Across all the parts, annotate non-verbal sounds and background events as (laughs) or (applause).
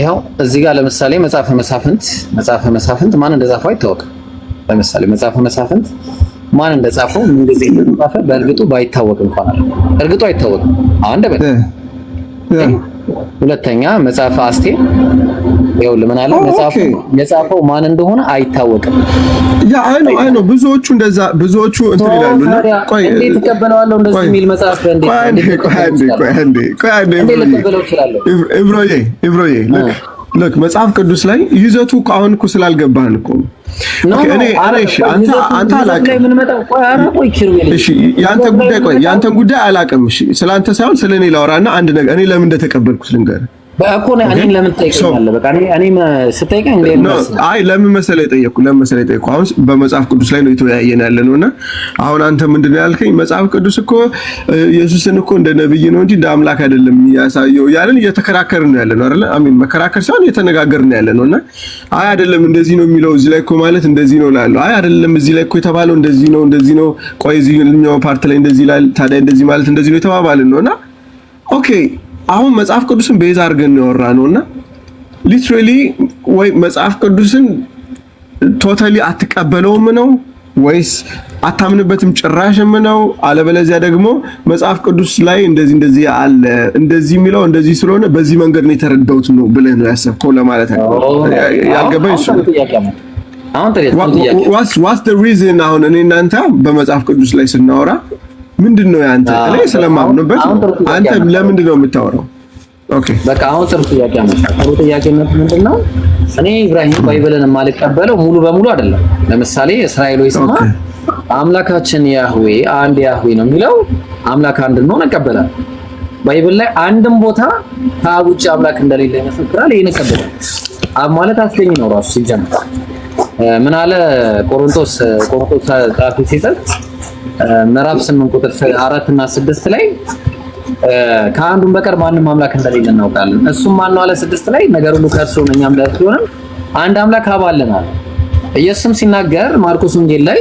ይኸው እዚህ ጋር ለምሳሌ መጽሐፈ መሳፍንት መጽሐፈ መሳፍንት ማን እንደጻፈው አይታወቅም። ለምሳሌ መጽሐፈ መሳፍንት ማን እንደጻፈው ምን ጊዜ እንደጻፈ በእርግጡ ባይታወቅ እንኳን እርግጡ አይታወቅም። አንድ በል ሁለተኛ መጽሐፈ አስቴር ይኸውልህ ምን አለ የጻፈው ማን እንደሆነ አይታወቅም። ያ አይ ነው አይ ነው ብዙዎቹ እንደዛ ብዙዎቹ እንትን ይላሉ። ቆይ እንዴት እቀበለዋለሁ እንደዚህ የሚል መጽሐፍ እንዴት ቆይ አንዴ ቆይ አንዴ ቆይ አንዴ ኢብሮዬ ኢብሮዬ ልክ መጽሐፍ ቅዱስ ላይ ይዘቱ አሁን እኮ ስላልገባህን እኮ ያንተን ጉዳይ አላውቅም። ስለአንተ ሳይሆን ስለእኔ ላውራና አንድ ነገር እኔ ለምን እንደተቀበልኩት ልንገርህ በእኮ አይ ለምን መሰለህ የጠየኩ ለምን መሰለህ የጠየኩ አሁን በመጽሐፍ ቅዱስ ላይ ነው የተወያየን ያለ ነውና፣ አሁን አንተ ምንድን ነው ያልከኝ? መጽሐፍ ቅዱስ እኮ ኢየሱስን እኮ እንደ ነብይ ነው እንጂ እንደ አምላክ አይደለም ያሳየው ያለን እየተከራከርን ነው ያለ ነው አይደል? አሜን። መከራከር ሳይሆን እየተነጋገርን ያለ ነውና፣ አይ አይደለም እንደዚህ ነው የሚለው እዚህ ላይ እኮ ማለት እንደዚህ ነው እላለሁ። አይ አይደለም እዚህ ላይ እኮ የተባለው እንደዚህ ነው እንደዚህ ነው። ቆይ እዚህኛው ፓርት ላይ እንደዚህ ይላል ታዲያ እንደዚህ ማለት እንደዚህ ነው የተባባልን ነውና ኦኬ አሁን መጽሐፍ ቅዱስን ቤዛ አድርገን ነው ያወራ ነውና ሊትራሊ ወይ መጽሐፍ ቅዱስን ቶታሊ አትቀበለውም ነው ወይስ አታምንበትም ጭራሽም ነው? አለበለዚያ ደግሞ መጽሐፍ ቅዱስ ላይ እንደዚህ እንደዚህ አለ እንደዚህ የሚለው እንደዚህ ስለሆነ በዚህ መንገድ ነው የተረዳሁት ነው ብለህ ነው ያሰብከው ለማለት ነው ያልገባኝ እሱ ዋስ ዘ ሪዝን አሁን እኔ እናንተ በመጽሐፍ ቅዱስ ላይ ስናወራ ምንድን ነው ያንተ? እኔ ስለማምንበት አንተ ለምንድን ነው የምታወራው? ኦኬ በቃ አሁን ጥሩ ጥያቄ አመጣ። ጥሩ ጥያቄነት ምንድን ነው? እኔ ኢብራሂም ባይብልን የማልቀበለው ሙሉ በሙሉ አይደለም። ለምሳሌ እስራኤሎች ስማ አምላካችን ያህዌ አንድ ያህዌ ነው የሚለው አምላክ አንድ ነው እቀበላለሁ። ባይብል ላይ አንድም ቦታ ከአብ ውጭ አምላክ እንደሌለ ይመሰክራል። ይሄን እቀበላለሁ። አብ ማለት አስገኝ ነው ራሱ ሲጀምር ምን አለ ቆሮንቶስ ቆሮንቶስ ጸሐፊ ሲጽፍ ምዕራፍ 8 ቁጥር 4 እና 6 ላይ ከአንዱም በቀር ማንም አምላክ እንደሌለ እናውቃለን። እሱም ማን ነው አለ? 6 ላይ ነገር ሁሉ ከእርሱ ነው፣ እኛም ለእርሱ ሆነን አንድ አምላክ አብ ኢየሱስም ሲናገር ማርቆስ ወንጌል ላይ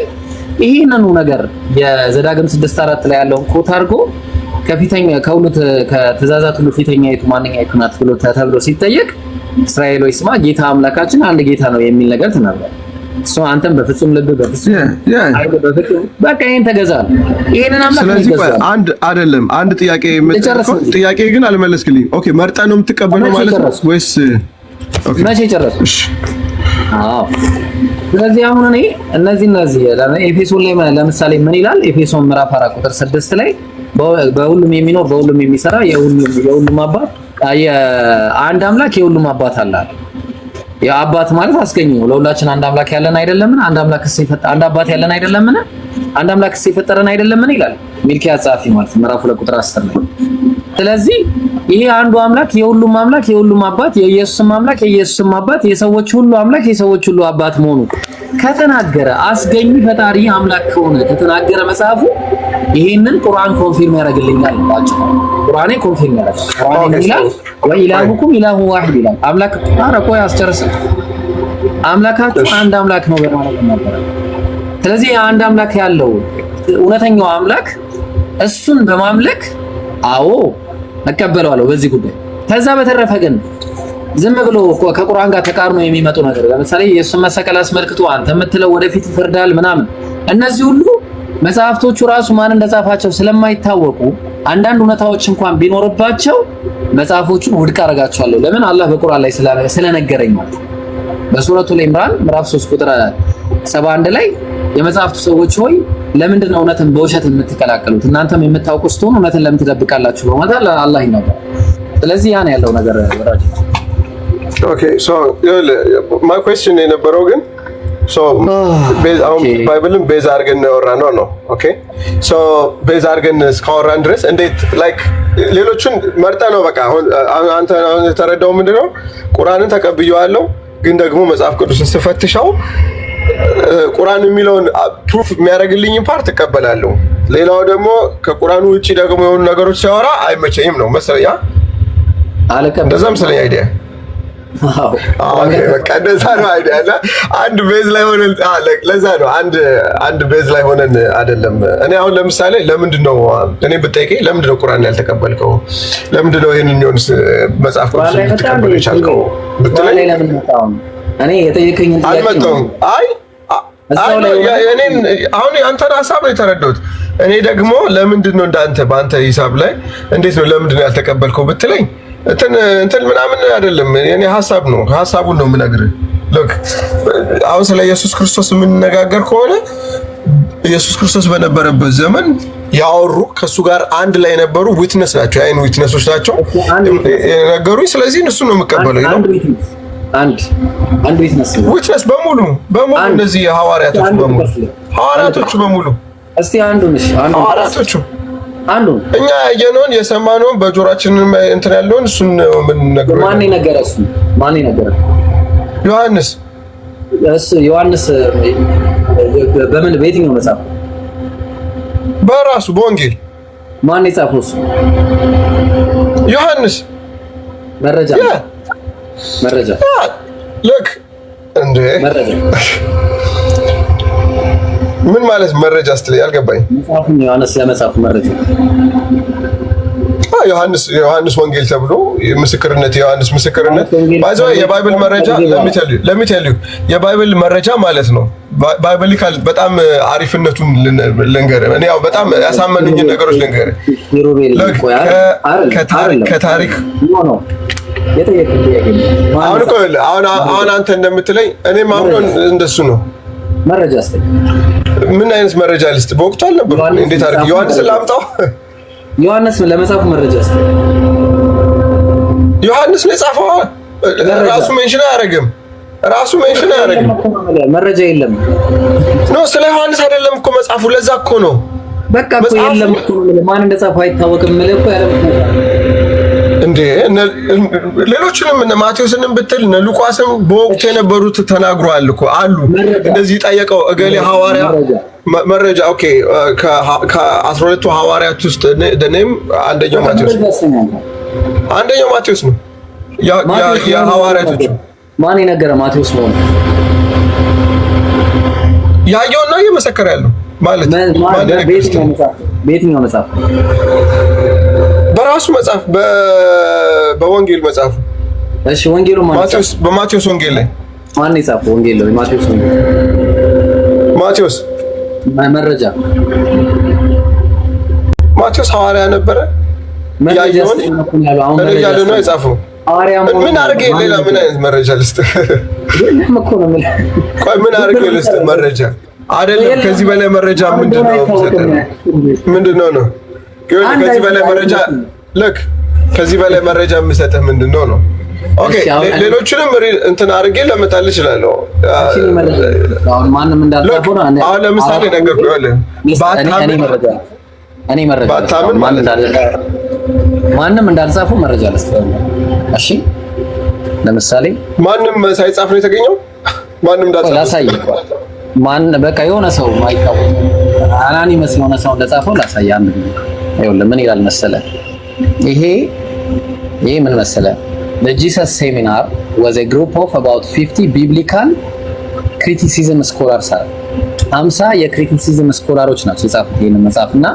ይህንኑ ነገር የዘዳግም 6 4 ላይ ያለውን ኮት አድርጎ ከፊተኛ ከሁሉ ከትእዛዛት ሁሉ ማንኛ የቱ ናት ብሎ ተብሎ ሲጠየቅ እስራኤል ስማ ጌታ አምላካችን አንድ ጌታ ነው የሚል ነገር ተናግሯል። እሱ አንተም በፍጹም ልብ በፍጹም በቃ ይሄን ተገዛል። ይሄንን አምላክ ስለዚህ አንድ አይደለም አንድ ጥያቄ ጥያቄ ግን አልመለስክልኝ። ኦኬ መርጠህ ነው የምትቀበለው ማለት ነው ወይስ መቼ ጨረስኩ? አዎ ስለዚህ አሁን እኔ እነዚህ እነዚህ ኤፌሶን ላይ ለምሳሌ ምን ይላል? ኤፌሶን ምዕራፍ አራት ቁጥር ስድስት ላይ በሁሉም የሚኖር በሁሉም የሚሰራ የሁሉም አባት የአንድ አምላክ የሁሉም አባት አለ ያ አባት ማለት አስገኘ ነው። ለሁላችን አንድ አምላክ ያለን አይደለምን? አንድ አምላክ አንድ አባት ያለን አይደለምን? አንድ አምላክ የፈጠረን አይደለምን? ይላል ሚልኪያ ጸሐፊ ማለት ምዕራፍ ሁለት ቁጥር 10 ላይ ስለዚህ ይሄ አንዱ አምላክ የሁሉም አምላክ የሁሉም አባት የኢየሱስም አምላክ የኢየሱስም አባት የሰዎች ሁሉ አምላክ የሰዎች ሁሉ አባት መሆኑ ከተናገረ አስገኝ ፈጣሪ አምላክ ከሆነ ከተናገረ መጽሐፉ ይሄንን ቁርአን ኮንፊርም ያደርግልኛል ባጭ ቁርአኔ ኮንፊርም ያደርጋል ቁርአኔ ይላል ወኢላሁኩም ኢላሁ ዋሂድ ይላል አምላክ ቁርአን እኮ ያስጨርስ አምላካችሁ አንድ አምላክ ነው በማለት ነበር ስለዚህ አንድ አምላክ ያለው እውነተኛው አምላክ እሱን በማምለክ አዎ እቀበለዋለሁ በዚህ ጉዳይ። ከዛ በተረፈ ግን ዝም ብሎ ከቁርአን ጋር ተቃርኖ የሚመጡ ነገር ለምሳሌ የእሱን መሰቀል አስመልክቶ አንተ የምትለው ወደፊት ይፈርዳል ምናምን፣ እነዚህ ሁሉ መጽሐፍቶቹ ራሱ ማን እንደጻፋቸው ስለማይታወቁ አንዳንድ እውነታዎች እንኳን ቢኖርባቸው መጽሐፎቹን ውድቅ አደርጋቸዋለሁ። ለምን አላህ በቁርአን ላይ ስለነገረኝ ማለት በሱረቱል ኢምራን ምዕራፍ 3 ቁጥር 71 ላይ የመጽሐፍቱ ሰዎች ሆይ ለምንድን ነው እውነትን በውሸት የምትቀላቀሉት? እናንተም የምታውቁ ስትሆን እውነትን ለምን ትደብቃላችሁ? በማለት አላህ ይናገር። ስለዚህ ያን ያለው ነገር ወራጅ ኦኬ ሶ ማይ ኩዌስችን የነበረው ግን ባይብልን ቤዛ አድርገን ያወራ ነው ነው። ኦኬ ሶ ቤዛ አድርገን እስካወራን ድረስ እንዴት ላይክ ሌሎቹን መርጠ ነው በቃ አንተ የተረዳው ምንድነው ቁርአንን ተቀብየዋለሁ ግን ደግሞ መጽሐፍ ቅዱስን ስፈትሸው ቁርአን የሚለውን ፕሩፍ የሚያደርግልኝ ፓርት እቀበላለሁ። ሌላው ደግሞ ከቁርአኑ ውጭ ደግሞ የሆኑ ነገሮች ሲያወራ አይመቸኝም ነው መሰለኝ። እንደዛም ስለ አይዲያ እንደዛ ነው አይዲያ አንድ ቤዝ ላይ ሆነን ለዛ ነው አንድ አንድ ቤዝ ላይ ሆነን አይደለም። እኔ አሁን ለምሳሌ ለምንድን ነው እኔ ብጠይቀኝ ለምንድን ነው ቁርአን ያልተቀበልከው? ለምንድን ነው ይህን ሆን መጽሐፍ ቅዱስ ልትቀበል ይቻልከው ብትለኝ እኔ የጠየቀኝ አልመጣሁም። አይ አሁን አንተን ሀሳብ ነው የተረዳሁት። እኔ ደግሞ ለምንድን ነው እንዳንተ በአንተ ሂሳብ ላይ እንዴት ነው ለምንድን ነው ያልተቀበልከው ብትለኝ እንትን እንትን ምናምን አይደለም። እኔ ሀሳብ ነው ሀሳቡን ነው የምነግርህ። ሎክ አሁን ስለ ኢየሱስ ክርስቶስ የምንነጋገር ከሆነ ኢየሱስ ክርስቶስ በነበረበት ዘመን ያወሩ ከእሱ ጋር አንድ ላይ የነበሩ ዊትነስ ናቸው። የአይን ዊትነሶች ናቸው የነገሩኝ። ስለዚህ እሱ ነው የምቀበለው ነው አንድ አንድ አንዱ ይተነሰው ውጭስ በሙሉ በሙሉ እነዚህ ሐዋርያቶቹ በሙሉ ሐዋርያቶቹ በሙሉ እስቲ አንዱ ነሽ አንዱ ሐዋርያቶቹ አንዱ እኛ ያየነውን የሰማነውን በጆሮአችንን እንትን ያለውን እሱን ምን ነገር ማን ነገር እሱ ማን ነገር ዮሐንስ እሱ ዮሐንስ በምን በየትኛው መጽሐፍ በራሱ በወንጌል ማን የጻፈው እሱ ዮሐንስ መረጃ መረጃ ልክ እንደ መረጃ ምን ማለት መረጃ ስትለኝ አልገባኝ። መጽሐፉን ዮሐንስ ለመጽሐፉ መረጃ ዮሐንስ ወንጌል ተብሎ ምስክርነት የዮሐንስ ምስክርነት ባይዘው የባይብል መረጃ ለሚቴልዩ የባይብል መረጃ ማለት ነው። ባይብሊካል በጣም አሪፍነቱን ልንገርህ። እኔ ያው በጣም ያሳመኑኝ ነገሮች ልንገርህ ከታሪክ አሁን እኮ አሁን አንተ እንደምትለኝ እኔ ማምኖን እንደሱ ነው። መረጃ ምን አይነት መረጃ ልስጥ? በወቅቱ አልነበርኩም። እንዴት አድርግ ዮሐንስን ላምጣው? ዮሐንስ ለመጽሐፉ መረጃ እስቲ ዮሐንስ ነው የጻፈው። ራሱ ሜንሽን አያደርግም። ራሱ ሜንሽን አያደርግም። መረጃ የለም ኖ ስለ ዮሐንስ አይደለም እኮ መጻፉ። ለዛ እኮ ነው በቃ እኮ የለም እኮ ማን እንደጻፈው አይታወቅም። ለኮ ያለም እንዴ ሌሎችንም እነ ማቴዎስንም ብትል እነ ሉቃስም በወቅቱ የነበሩት ተናግሯል እኮ አሉ። እንደዚህ ጠየቀው እገሌ ሐዋርያ መረጃ ኦኬ፣ ከአስራ ሁለቱ ሐዋርያት ውስጥ ደኔም አንደኛው ማቴዎስ አንደኛው ማቴዎስ ነው። የሐዋርያቶቹ ማን የነገረ ማቴዎስ ነው። ያየውና ነው እየመሰከረ ያለው ማለት ነው። ቤትኛው መጽሐፍ በራሱ መጽሐፍ በወንጌል መጽሐፉ እሺ፣ ወንጌሉ ማቴዎስ በማቴዎስ ወንጌል ላይ ማን የጻፈው ወንጌል ላይ ማቴዎስ ወንጌል ማቴዎስ መረጃ ማቴዎስ ሐዋርያ ነበረ። ከዚህ በላይ መረጃ ምንድነው? ነው ነው ከዚህ በላይ መረጃ ልክ ከዚህ በላይ መረጃ የምሰጥህ ምንድን ነው ነው ሌሎችንም እንትን አድርጌ ለመጣል እችላለሁ። አሁን ለምሳሌ ነገር ማንም እንዳልጻፉ መረጃ እሺ፣ ለምሳሌ ማንም ሳይጻፍ ነው የተገኘው። ማንም እንዳልጻፈ ማን በቃ የሆነ ሰው ማይታወቅ አናኒመስ የሆነ ሰው እንደጻፈው ላሳይህ። አንድ ምን ይላል መሰለህ ይሄ ይሄ ምን መሰለ ጂሰስ ሴሚናር ወዘ ግሩፕ ኦፍ አባውት 50 ቢብሊካል ክሪቲሲዝም ስኮላርስ አለ። አምሳ የክሪቲሲዝም ስኮላሮች ናቸው የጻፉት ይህን መጽሐፍ እና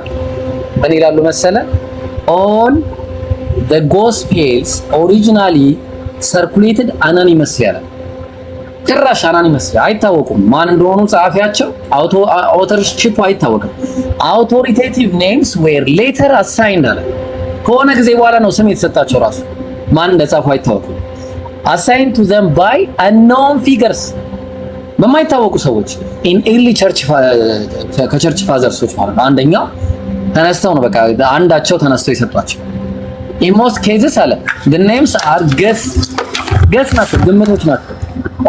ምን ይላሉ መሰለ ኦል ዘ ጎስፔልስ ኦሪጂናሊ ሰርኩሌትድ አናኒመስ ያለ ጭራሽ አናኒመስ አይታወቁም፣ ማን እንደሆኑ ጸሐፊያቸው አውቶርሺፑ አይታወቅም። አውቶሪቴቲቭ ኔምስ ዌር ሌተር አሳይንድ አለ ከሆነ ጊዜ በኋላ ነው ስም የተሰጣቸው። ራሱ ማን እንደጻፈው አይታወቅም። አሳይን ቱ ዘም ባይ አንኖን ፊገርስ በማይታወቁ ሰዎች ኢን ኤርሊ ቸርች ከቸርች ፋዘርሶች ማለት ነው። አንደኛው ተነስተው ነው በቃ አንዳቸው ተነስተው የሰጧቸው። ኢን ሞስት ኬዝስ አለ ዘ ኔምስ አር guess guess ናቸው ግምቶች ናቸው።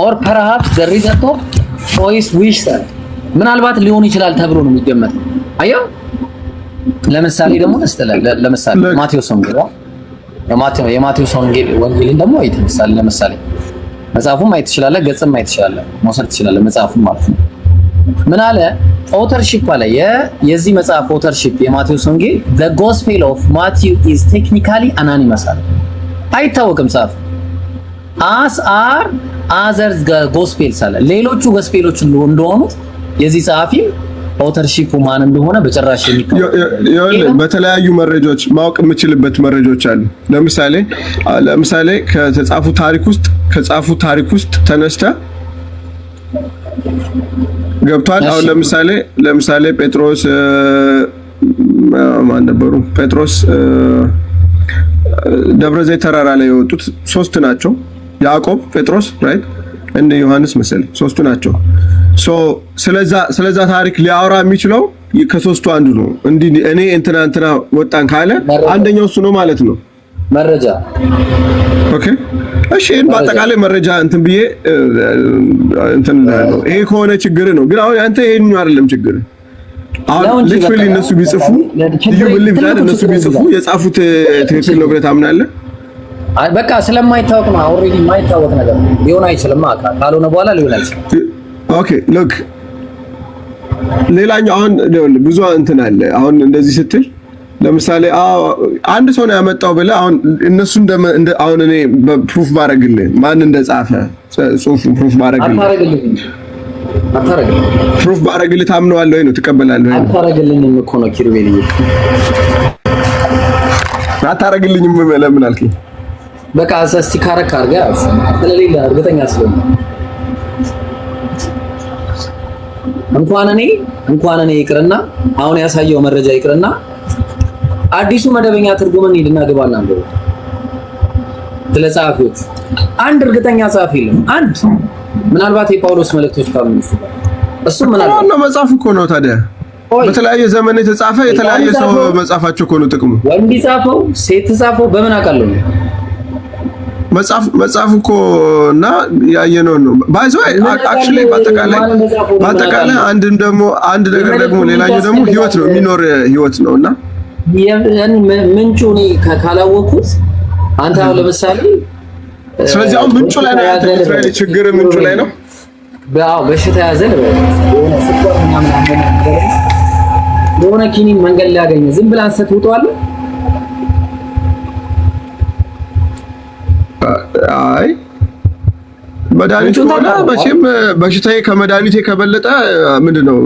or perhaps the result of choice wish ምናልባት ሊሆን ይችላል ተብሎ ነው የሚገመተው። አየው ለምሳሌ ደግሞ ለምሳሌ ማቴዎስ ወንጌል የማቴዎስ ወንጌል ወንጌልን ደግሞ አይተህ ምሳሌ ለምሳሌ መጽሐፉን ማየት ትችላለህ፣ ገጽም ማየት ትችላለህ፣ መውሰድ ትችላለህ። መጽሐፉን ማለት ነው። ምን አለ ኦተርሺፕ አለ የዚህ መጽሐፍ ኦተርሺፕ የማቴዎስ ወንጌል ዘ ጎስፔል ኦፍ ማቲው ኢዝ ቴክኒካሊ አናኒመስ አለ። አይታወቅም ጻፍ አስ አር አዘርስ ጎስፔልስ አለ ሌሎቹ ጎስፔሎች እንደሆኑት የዚህ ጸሐፊ ኦተርሺፑ ማን እንደሆነ በጭራሽ በተለያዩ መረጃዎች ማወቅ የምችልበት መረጃዎች አሉ። ለምሳሌ ለምሳሌ ከተጻፉ ታሪክ ውስጥ ከጻፉ ታሪክ ውስጥ ተነስተ ገብቷል። አሁን ለምሳሌ ለምሳሌ ጴጥሮስ ማን ነበሩ? ጴጥሮስ ደብረ ዘይት ተራራ ላይ የወጡት ሶስት ናቸው። ያዕቆብ፣ ጴጥሮስ ራይት እንደ ዮሐንስ መሰለኝ ሶስቱ ናቸው። ስለዛ ታሪክ ሊያወራ የሚችለው ከሶስቱ አንዱ ነው። እንዲ እኔ እንትና እንትና ወጣን ካለ አንደኛው እሱ ነው ማለት ነው። መረጃ ኦኬ፣ እሺ። ይህን በአጠቃላይ መረጃ እንትን ብዬ እንትን ነው። ይሄ ከሆነ ችግር ነው። ግን አሁን አንተ ይሄን አይደለም ችግር። አሁን እነሱ ቢጽፉ ልዩ ብልፍ ላይ እነሱ ቢጽፉ የጻፉት ትክክል ነው ብለህ ታምናለህ? በቃ ስለማይታወቅ ነው። ኦልሬዲ የማይታወቅ ነገር ሊሆን አይችልም። ካልሆነ በኋላ ሊሆን አይችልም። ኦኬ ሎክ ሌላኛው አሁን ብዙ እንትን አለ። አሁን እንደዚህ ስትል ለምሳሌ አንድ ሰው ነው ያመጣው ብለህ አሁን እነሱ እንደ አሁን እኔ ፕሩፍ ባረግልህ ማን እንደጻፈ ጽሁፍ ፕሩፍ ባረግልህ ፕሩፍ ባረግልህ ታምነዋለህ ወይ ነው ትቀበላለህ ወይ? አታረግልኝም እኮ ነው ኪሩቤልዬ፣ አታረግልኝም ለምን አልከኝ? በቃ እስኪ ካረክ አድርገህ ስለሌለ እርግጠኛ ስለሆነ እንኳን እኔ እንኳን እኔ ይቅርና አሁን ያሳየው መረጃ ይቅርና አዲሱ መደበኛ ትርጉምን ሂድና ግባና አንብብ። ስለ ጸሐፊዎች አንድ እርግጠኛ ጸሐፊ የለም። አንድ ምናልባት የጳውሎስ መልእክቶች ካሉ እሱ ምናልባት ነው መጽሐፍ እኮ ነው ታዲያ በተለያየ ዘመን የተጻፈ የተለያየ ሰው መጻፋቸው እኮ ነው ጥቅሙ። ወንድ ጻፈው ሴት ጻፈው በምን አውቃለሁ? መጽሐፍ እኮ እና ያየነው ነው ባይዞ አክቹዋሊ በአጠቃላይ በአጠቃላይ አንድም ደግሞ አንድ ነገር ደግሞ ሌላኛው ደግሞ ህይወት ነው የሚኖር ህይወት ነው እና ምንጩ እኔ ካላወቅኩት አንተ አሁን ለምሳሌ ስለዚህ አሁን ምንጩ ላይ ነው ያለው ችግር ምንጩ ላይ ነው በሽታ ያዘ የሆነ ኪኒን መንገድ ላይ ያገኘ ዝም ብላ አንሰት ትውጠዋለህ አይ መድኃኒቱ ሆነ መቼም በሽታዬ ከመድኃኒቴ ከበለጠ ምንድን ነው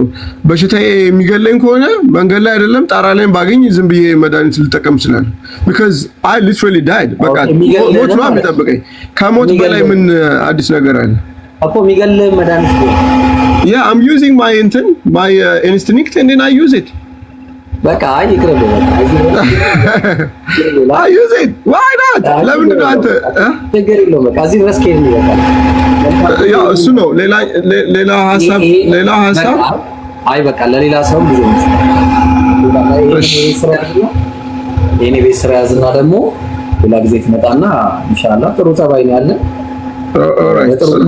በሽታዬ የሚገለኝ ከሆነ መንገድ ላይ አይደለም ጣራ ላይም ባገኝ ዝም ብዬ መድኃኒት ልጠቀም ይችላል። ቢካዝ አይ ሊትራሊ ዳይድ በቃ ሞት ነው የሚጠብቀኝ። ከሞት በላይ ምን አዲስ ነገር አለ? እኮ የሚገልህ መድኃኒት ያ አም ዩዚንግ ማይ እንትን ማይ ኢንስቲንክት ኤንድ አይ ዩዝ ኢት በቃ ይቅርብ። (laughs) አይ ዩዜን ዋይ ናት? ለምንድን ነው አንተ ችግር የለውም። በቃ እዚህ ድረስ ከሄድን ይበቃል። ያው እሱ ነው። ሌላ ሌላ ሀሳብ ሌላ ሀሳብ አይ በቃ ለሌላ ሰው ብዙ ነው። ቤት ስራ ያዝና ደግሞ ሌላ ጊዜ ትመጣና ኢንሻአላህ ጥሩ ጸባይ ነው ያለ።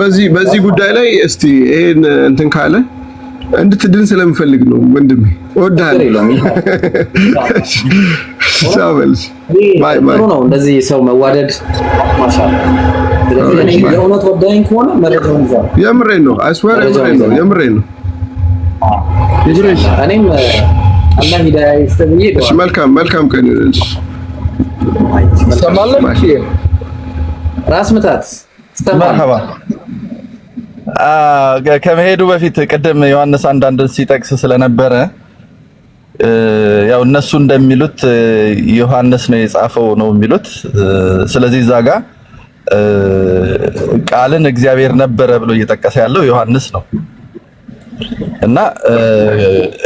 በዚህ በዚህ ጉዳይ ላይ እስቲ ይሄን እንትን ካለ እንድትድን ስለምፈልግ ነው ወንድሜ። እወድሃለሁ። ነው እንደዚህ ሰው መዋደድ የእውነት ወዳኝ ከሆነ መረጃውን ይዛል። የምሬን ነው። አይስወር የምሬን ነው። እኔም አላህ ሂዳያ ይስጥልኝ። እሺ፣ መልካም መልካም ቀን ይሁንልሽ። ሰማለሽ ራስ ምታት ከመሄዱ በፊት ቅድም ዮሐንስ አንዳንድን ሲጠቅስ ስለነበረ ያው እነሱ እንደሚሉት ዮሐንስ ነው የጻፈው ነው የሚሉት። ስለዚህ እዛ ጋር ቃልን እግዚአብሔር ነበረ ብሎ እየጠቀሰ ያለው ዮሐንስ ነው እና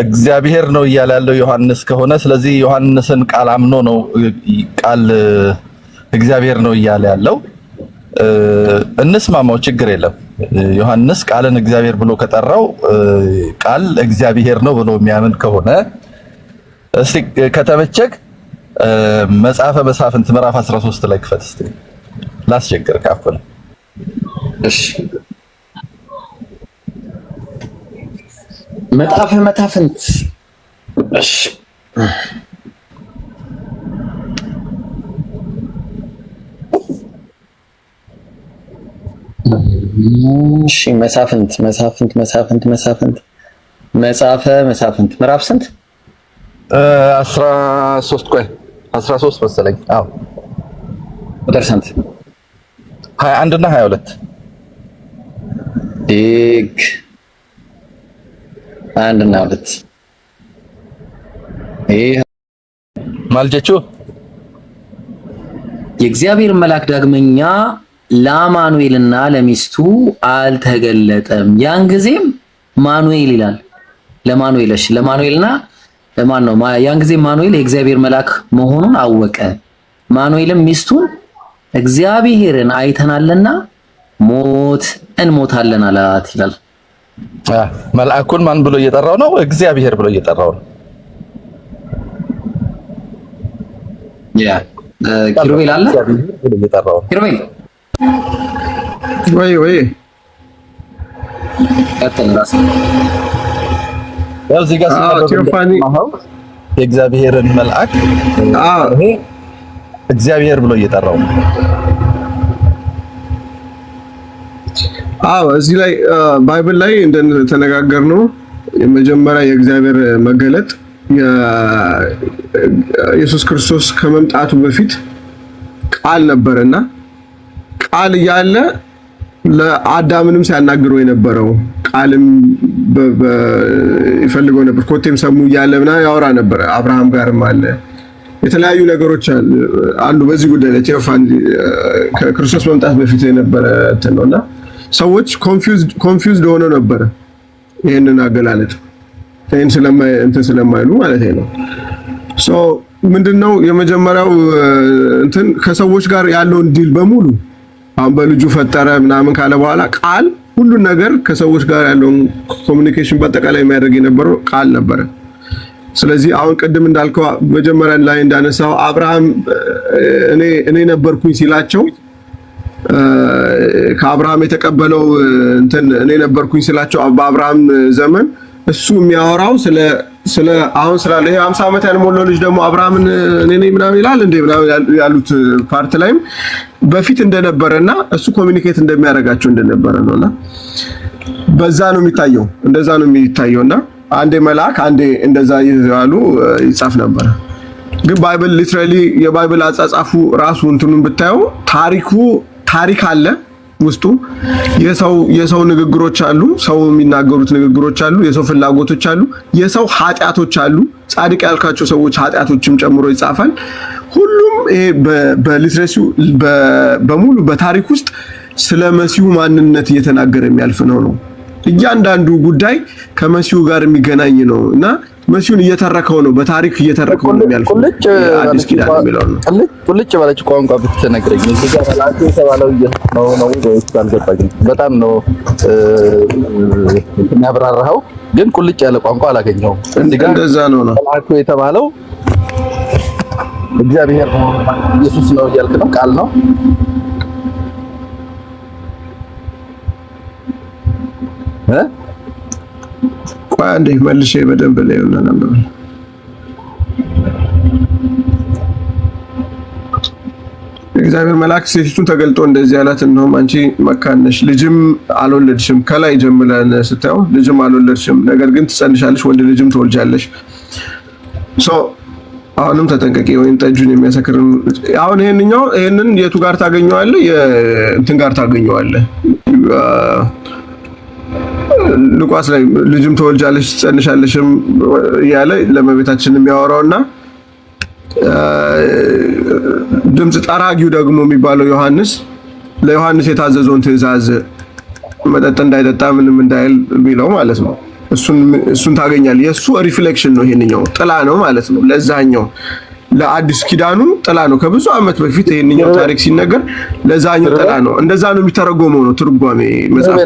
እግዚአብሔር ነው እያለ ያለው ዮሐንስ ከሆነ ስለዚህ ዮሐንስን ቃል አምኖ ነው ቃል እግዚአብሔር ነው እያለ ያለው እንስማማው፣ ችግር የለም። ዮሐንስ ቃልን እግዚአብሔር ብሎ ከጠራው ቃል እግዚአብሔር ነው ብሎ የሚያምን ከሆነ እስቲ ከተመቸክ መጽሐፈ መሳፍንት ምዕራፍ 13 ላይ ክፈት እስቲ። ላስቸግር ካፈለ እሺ፣ መጽሐፈ መሳፍንት እሺ እሺ መሳፍንት መሳፍንት መሳፍንት መሳፍንት መጽሐፈ መሳፍንት ምዕራፍ ስንት? አስራ ሦስት ቆይ አስራ መሰለኝ። አዎ ቁጥር ስንት? ሀያ አንድ እና ሀያ ሁለት ዲግ አንድ እና ሁለት ይህ ማልጀቹ የእግዚአብሔር መልአክ ዳግመኛ ለማኑኤልና ለሚስቱ አልተገለጠም። ያን ጊዜም ማኑኤል ይላል። ለማኑኤል እሺ፣ ለማኑኤልና ለማን ነው? ያን ጊዜ ማኑኤል የእግዚአብሔር መልአክ መሆኑን አወቀ። ማኑኤልም ሚስቱን እግዚአብሔርን አይተናልና ሞት እንሞታለን አላት ይላል። መልአኩን ማን ብሎ እየጠራው ነው? እግዚአብሔር ብሎ እየጠራው ነው። ያ ኪሩቤል አለ ኪሩቤል ወይ ወይ የእግዚአብሔርን መልአክ እግዚአብሔር ብሎ እየጠራው ነው። እዚህ ላይ ባይብል ላይ እንደተነጋገር ነው የመጀመሪያ የእግዚአብሔር መገለጥ ኢየሱስ ክርስቶስ ከመምጣቱ በፊት ቃል ነበርና ቃል እያለ ለአዳምንም ሲያናግረው የነበረው ቃልም ይፈልገው ነበር። ኮቴም ሰሙ እያለ ምና ያወራ ነበረ። አብርሃም ጋርም አለ። የተለያዩ ነገሮች አሉ በዚህ ጉዳይ ላይ ከክርስቶስ መምጣት በፊት የነበረ እንትን ነው እና ሰዎች ኮንፊውዝድ ሆነው ነበረ። ይህንን አገላለጥ ይህን እንትን ስለማይሉ ማለት ነው። ምንድን ነው የመጀመሪያው እንትን ከሰዎች ጋር ያለውን ዲል በሙሉ አሁን በልጁ ፈጠረ ምናምን ካለ በኋላ ቃል ሁሉን ነገር ከሰዎች ጋር ያለውን ኮሚኒኬሽን በአጠቃላይ የሚያደርግ የነበረው ቃል ነበረ። ስለዚህ አሁን ቅድም እንዳልከው መጀመሪያ ላይ እንዳነሳው አብርሃም እኔ ነበርኩኝ ሲላቸው ከአብርሃም የተቀበለው እንትን እኔ ነበርኩኝ ሲላቸው በአብርሃም ዘመን እሱ የሚያወራው ስለ ስለ አሁን ስላለ ይሄ 50 ዓመት ያልሞላው ልጅ ደግሞ አብርሃምን እኔ ነኝ ምናምን ይላል እንዴ ምናምን ያሉት ፓርት ላይም በፊት እንደነበረና እሱ ኮሚኒኬት እንደሚያደርጋቸው እንደነበረ ነውና በዛ ነው የሚታየው፣ እንደዛ ነው የሚታየውና አንዴ መልአክ አንዴ እንደዛ ይላሉ ይጻፍ ነበረ። ግን ባይብል ሊትራሊ የባይብል አጻጻፉ ራሱ እንትኑን ብታየው ታሪኩ ታሪክ አለ ውስጡ የሰው ንግግሮች አሉ፣ ሰው የሚናገሩት ንግግሮች አሉ፣ የሰው ፍላጎቶች አሉ፣ የሰው ኃጢአቶች አሉ። ጻድቅ ያልካቸው ሰዎች ኃጢአቶችም ጨምሮ ይጻፋል። ሁሉም ይሄ በሊትሬሲ በሙሉ በታሪክ ውስጥ ስለ መሲሁ ማንነት እየተናገረ የሚያልፍ ነው ነው እያንዳንዱ ጉዳይ ከመሲሁ ጋር የሚገናኝ ነው እና መሲሁን እየተረከው ነው፣ በታሪክ እየተረከው ነው የሚያልፈው። አዲስ ኪዳን የሚለው ነው። ቁልጭ ባለች ቋንቋ ብትነግረኝ እዚህ ጋር ባላችሁ የተባለው ነው ነው ወይስ አልገባኝም። በጣም ነው የሚያብራራው፣ ግን ቁልጭ ያለ ቋንቋ አላገኘሁም። እዚህ እንደዛ ነው ነው ባላችሁ የተባለው እግዚአብሔር ነው ኢየሱስ ነው እያልክ ነው፣ ቃል ነው እ ቆይ አንዴ መልሼ በደንብ ላይ ሆነ ነበር። እግዚአብሔር መልአክ ሴቲቱን ተገልጦ እንደዚህ ያላት፣ እነሆም አንቺ መካን ነሽ፣ ልጅም አልወለድሽም። ከላይ ጀምረን ስታየው ልጅም አልወለድሽም፣ ነገር ግን ትጸንሻለሽ፣ ወንድ ልጅም ትወልጃለሽ። አሁንም ተጠንቀቂ፣ ወይን ጠጁን የሚያሰክርም አሁን ይህንኛው ይህንን የቱ ጋር ታገኘዋለህ? የእንትን ጋር ታገኘዋለህ ሉቃስ ላይ ልጅም ትወልጃለሽ ትጸንሻለሽም እያለ ለመቤታችን የሚያወራው እና ድምፅ ጠራጊው ደግሞ የሚባለው ዮሐንስ ለዮሐንስ የታዘዘውን ትእዛዝ መጠጥ እንዳይጠጣ ምንም እንዳይል የሚለው ማለት ነው። እሱን ታገኛል። የእሱ ሪፍሌክሽን ነው ይሄንኛው ጥላ ነው ማለት ነው። ለዛኛው ለአዲስ ኪዳኑ ጥላ ነው። ከብዙ ዓመት በፊት ይሄንኛው ታሪክ ሲነገር ለዛኛው ጥላ ነው። እንደዛ ነው የሚተረጎመው ነው ትርጓሜ መጽሐፍ